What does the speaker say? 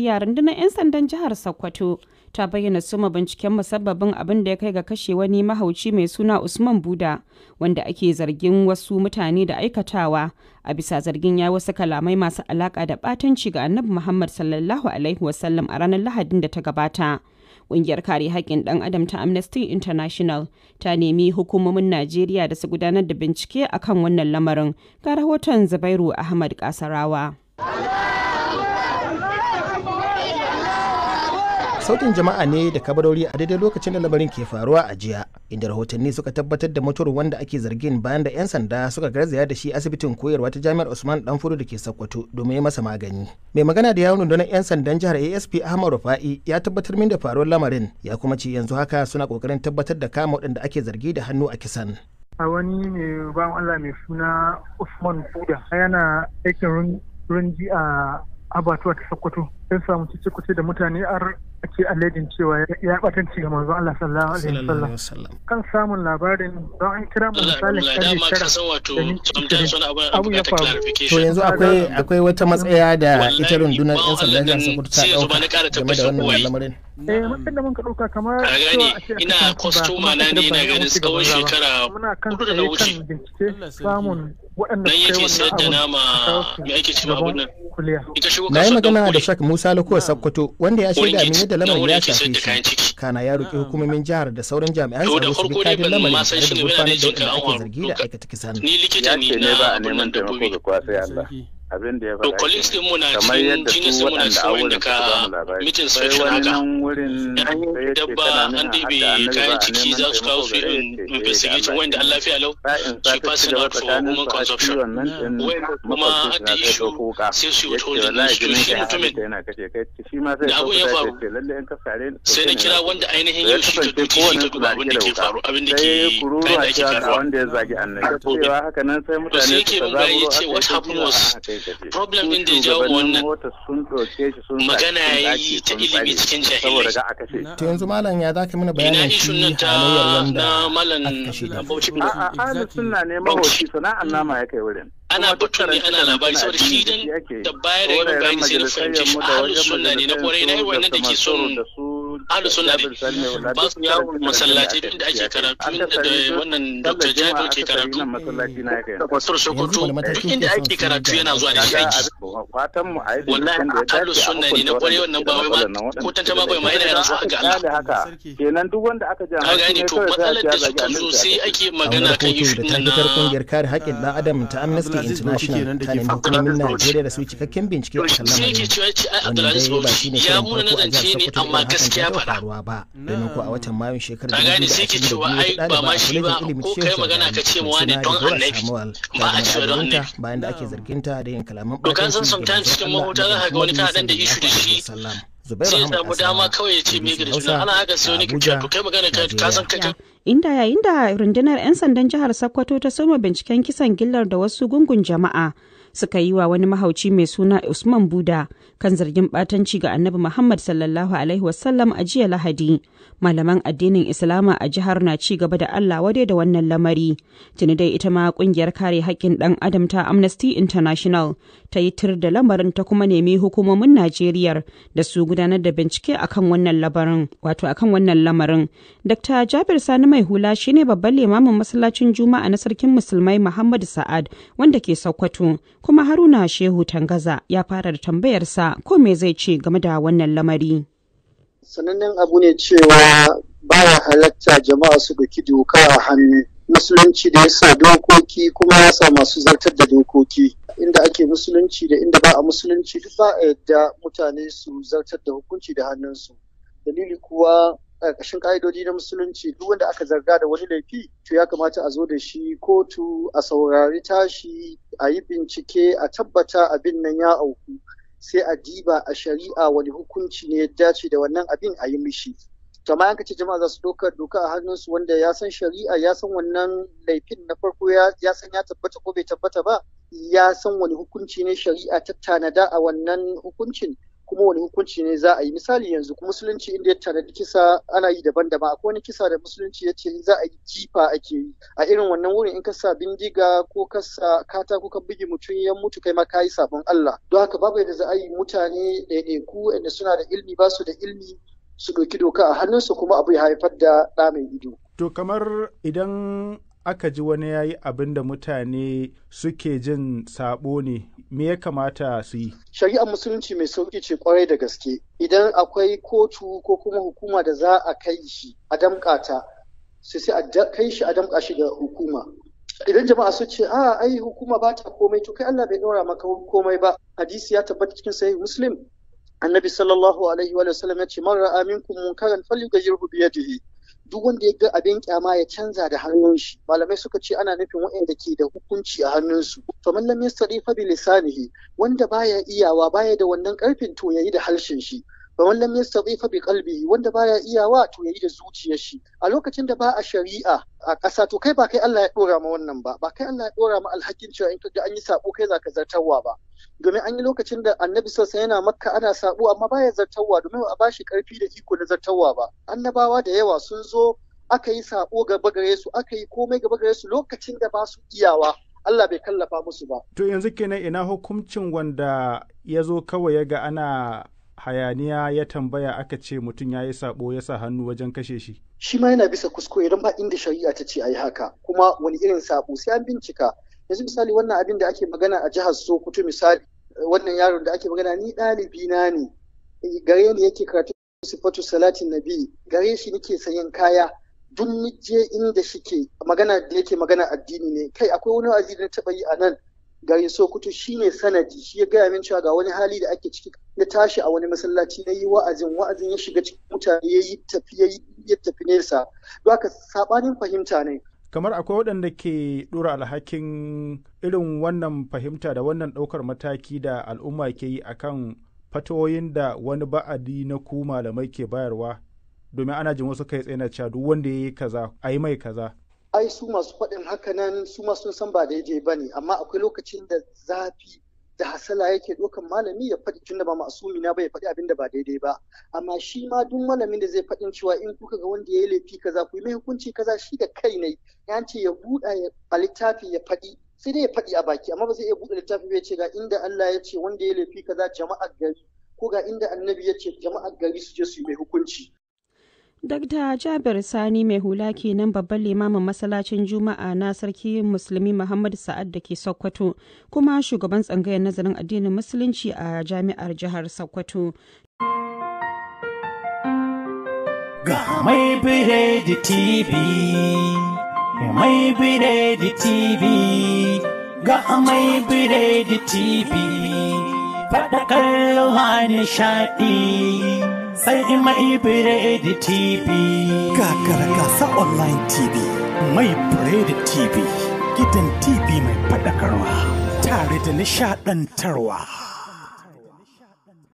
ya rundunar 'yan sandan jihar sokoto ta bayyana suma binciken musabbabin abin da ya kai ga kashe wani mahauci mai suna usman buda wanda ake zargin wasu mutane da aikatawa a bisa zargin ya wasu kalamai masu alaka da batanci ga annabi muhammad sallallahu alaihi wasallam a ranar lahadin da ta gabata Ƙungiyar kare haƙƙin ɗan adam ta Amnesty International ta nemi hukumomin Najeriya da su gudanar da bincike akan wannan lamarin ga rahoton Zubairu Ahmad Kasarawa. sautin jama'a ne da kabarori a daidai lokacin da labarin ke faruwa a jiya inda rahotanni suka tabbatar da mutuwar wanda ake zargin bayan da 'yan sanda suka garzaya da shi asibitin koyarwa ta jami'ar usman danfuru da ke sakwato domin ya masa magani mai magana da yawon rundunar 'yan sandan jihar asp ahmad rufa'i ya tabbatar min da faruwar lamarin ya kuma ce yanzu haka suna kokarin tabbatar da kama waɗanda ake zargi da hannu a kisan a wani ne bawan allah mai suna usman buda yana aikin runji a abatuwa ta sokoto sai samu cicikuce da mutane ar ake alledin cewa ya batanci ga manzo Allah sallallahu alaihi wasallam kan samun labarin don an kira mu misalin karfe tara abu ya faru to yanzu akwai akwai wata matsaya da ita rundunar yan sanda ta wasallam ta dauka game da wannan lamarin eh matsayin da muka ɗauka kamar a gani ina kwastoma na ne na ganin tsawon shekara hudu da wuce samun waɗanda nan yake sayar da nama mai ake cima abun nan ita shigo magana da shak musa lakuwa sakkwato wanda ya shaida min yadda lamarin ya shafe shi kana ya roƙi hukumomin jihar da sauran jami'an tsaro su bi kadin lamarin da gurfanar da waɗanda ake zargi da aikata kisan ni likita ne na abun nan dabbobi abin da ya faɗa to colleagues din mu cikin jinis mu na cikin wanda ka mitin section haka dabba an dibe kayan ciki za su kawo su eh, investigation wanda an lafiya lau su passing out for human consumption kuma an da issue sai su yi withholding na su shi mutumin da abun ya faru sai na kira wanda ainihin yau shi ta duti shi ta duba abin da ke faru abin da ke kayan da ake faruwa. Sai yake mun ga ya ce what happened was problem din da ya jawo wannan magana ya yi ta ilimi cikin jahilai ta yanzu malam ya zaka mana bayanin shi halayyar wanda aka kashe da a ahlus sunna ne mahaushi sana'an nama ya kai wurin ana batu ne ana labari saboda shi dan da bayar da bayani sai na fahimci ahlus sunna ne na kwarai na yi wannan da ke son ahlus sunna ne ba su yawo masallaci karatu da wannan dr jabir ke karatu pastor sokoto duk inda ake karatu yana zuwa da shi aiki wallahi ne wannan ba wai ko ma bai ma yana zuwa ga Allah kenan duk wanda aka ja to matsalar da suka zo sai ake magana kan yi shi na kungiyar kare haƙƙin dan adam ta ah, Amnesty International ta nemi hukumomin Najeriya da su cikakken bincike a kan lamarin wanda ya ba shi ne ya ne amma gaskiya ya faruwa ba domin ko a watan mayun shekarar da gani sai ke cewa ai ba ma shi ba ko kai magana ka ce mu wani don annabi ba a cewa don ne bayan da ake zargin ta da yin kalaman ba kan san sometimes cikin mahuta za ka ga wani kana dan da issue da shi sai ya samu dama kawai ya ce me gari suna ana haka sai wani kicciya to kai magana ka san kai inda yayin da rundunar 'yan sandan jihar Sokoto ta soma binciken kisan gillar da wasu gungun jama'a suka yi wa wani mahauci mai suna Usman Buda kan zargin ɓatanci ga Annabi Muhammad sallallahu Alaihi wasallam a jiya Lahadi. Malaman addinin Islama a jihar na ci gaba da Allah wadai da wannan lamari. Tuni dai ita ma ƙungiyar kare haƙƙin ɗan Adam ta Amnesty International ta yi tir da lamarin ta kuma nemi hukumomin Najeriya da su gudanar da bincike akan wannan labarin wato akan wannan lamarin. Dr. Jabir Sani Mai Hula shine babban limamin masallacin Juma'a na sarkin Musulmai Muhammad Sa'ad wanda ke Sokoto kuma Haruna Shehu Tangaza ya fara da tambayarsa ko me zai ce game da wannan lamari. Sanannen abu ne cewa baya halatta jama'a su ɗauki doka a hannu. Musulunci da ya sa dokoki kuma ya sa masu zartar da dokoki. Inda ake musulunci da inda ba a musulunci duk ba a yadda mutane su zartar da hukunci da hannunsu. Dalili kuwa ƙarƙashin ƙa'idodi na musulunci duk wanda aka zarga da wani laifi to ya kamata a zo da shi kotu a saurari tashi a yi bincike a tabbata abin nan ya auku sai a diba a shari'a wani hukunci ne ya dace da wannan abin a yi mishi To amma yanka ce jama'a za su doka doka a hannunsu wanda ya san shari'a ya san wannan laifin na farko ya san ya tabbata ko bai tabbata ba ya san wani hukunci ne shari'a ta tanada a wannan hukuncin kuma wani hukunci ne za a yi misali yanzu musulunci inda ya tanadi kisa ana yi daban-daban akwai wani kisa da musulunci ya ce za a yi jifa ake yi a irin wannan wurin in ka sa bindiga ko ka sa kata ko ka bugi mutum ya mutu kai ma ka yi sabon Allah don haka babu yadda za a yi mutane ɗaiɗaiku inda suna da ilmi ba su da ilmi su ɗauki doka a hannunsu kuma abu ya haifar da ɗa mai ido. To kamar idan aka ji wani ya yi abin da mutane suke jin sabo ne me ya kamata su yi shari'ar musulunci mai sauki ce kwarai da gaske idan akwai kotu ko kuma hukuma da za a kai shi a damƙata su sai a kai shi a damƙa shi ga hukuma idan jama'a su ce a ah, ai hukuma ba ta komai to kai Allah bai ɗora maka komai ba hadisi ya tabbata cikin sahih muslim annabi sallallahu alaihi wa sallam ya ce man ra'a minkum munkaran falyughayyirhu bi yadihi duk wanda ya ga abin kyama ya canza da hannun shi malamai suka ce ana nufin waɗanda ke da hukunci a hannunsu to mallam lam yastadi fa bi lisanihi wanda baya iyawa baya da wannan karfin to yayi da harshen shi fa mallam lam yastadi fa bi qalbihi wanda baya iyawa to yayi da zuciyar shi a lokacin da ba a shari'a a ƙasa to kai ba kai Allah ya dora ma wannan ba ba kai Allah ya dora ma alhakin cewa in ka ga an yi sako kai zaka zartarwa ba domin an yi lokacin da annabi sassa yana makka ana sabo amma baya zartarwa domin ba a bashi karfi da iko na zartarwa ba annabawa da yawa sun zo aka yi sabo gaba gare su aka yi komai gaba gare su lokacin da ba su iyawa Allah bai kallafa musu ba to yanzu kenan ina hukuncin wanda ya zo kawai ya ga ana hayaniya ya tambaya aka ce mutum ya yi sabo ya sa hannu wajen kashe shi shi ma yana bisa kuskure don ba inda shari'a ta ce a yi haka kuma wani irin sabo sai an bincika yanzu misali wannan abin da ake magana a jihar sokoto misali wannan yaron da ake magana ni ɗalibi na ne eh, gare ni yake karatu sifatu salatin nabi gare shi nake sayan kaya duk nije inda shike magana da yake magana addini ne kai akwai wani wa'azi da taɓa yi a nan gare sokoto shine sanadi shi ya gaya min cewa ga wani hali da ake ciki na tashi a wani masallaci na yi wa'azin wa'azin ya shiga cikin mutane ya yi tafi ya yi tafi nesa don haka sabanin fahimta ne kamar akwai waɗanda ke ɗora alhakin irin wannan fahimta da wannan ɗaukar mataki da al'umma ke yi a kan fatoyin da wani ba'adi na ku malamai ke bayarwa domin ana jin wasu kai tsaye na cewa duk wanda ya yi kaza a yi mai kaza ai su masu faɗin haka nan su masu san ba je ba ne amma akwai lokacin da zafi da hasala yake ɗaukan malami ya faɗi tunda ba masumi na ba ya faɗi abin da ba daidai ba amma shi ma duk malamin da zai faɗin cewa in kuka ga wanda ya yi laifi kaza ku yi mai hukunci kaza shi da kai ne ya ce ya buɗa a littafi ya faɗi sai dai ya faɗi a baki amma ba zai iya buɗe littafi ya ce ga inda Allah ya ce wanda ya laifi kaza jama'ar gari ko ga inda annabi ya ce jama'ar gari su je su yi mai hukunci Dr. Jabir Sani mai hula kenan babban limamin masallacin Juma'a na sarki Musulmi Muhammad Sa'ad da ke Sokoto kuma shugaban tsangayar nazarin addinin Musulunci a Jami'ar Jihar Sokoto. Ga mai biredi TV, mai biredi TV, ga mai biredi TV, faɗakar ruwa nishaɗi. sai mai biredi TV. Gagara gasa online TV, mai biredi TV, gidan TV mai faɗakarwa, tare da nishaɗantarwa.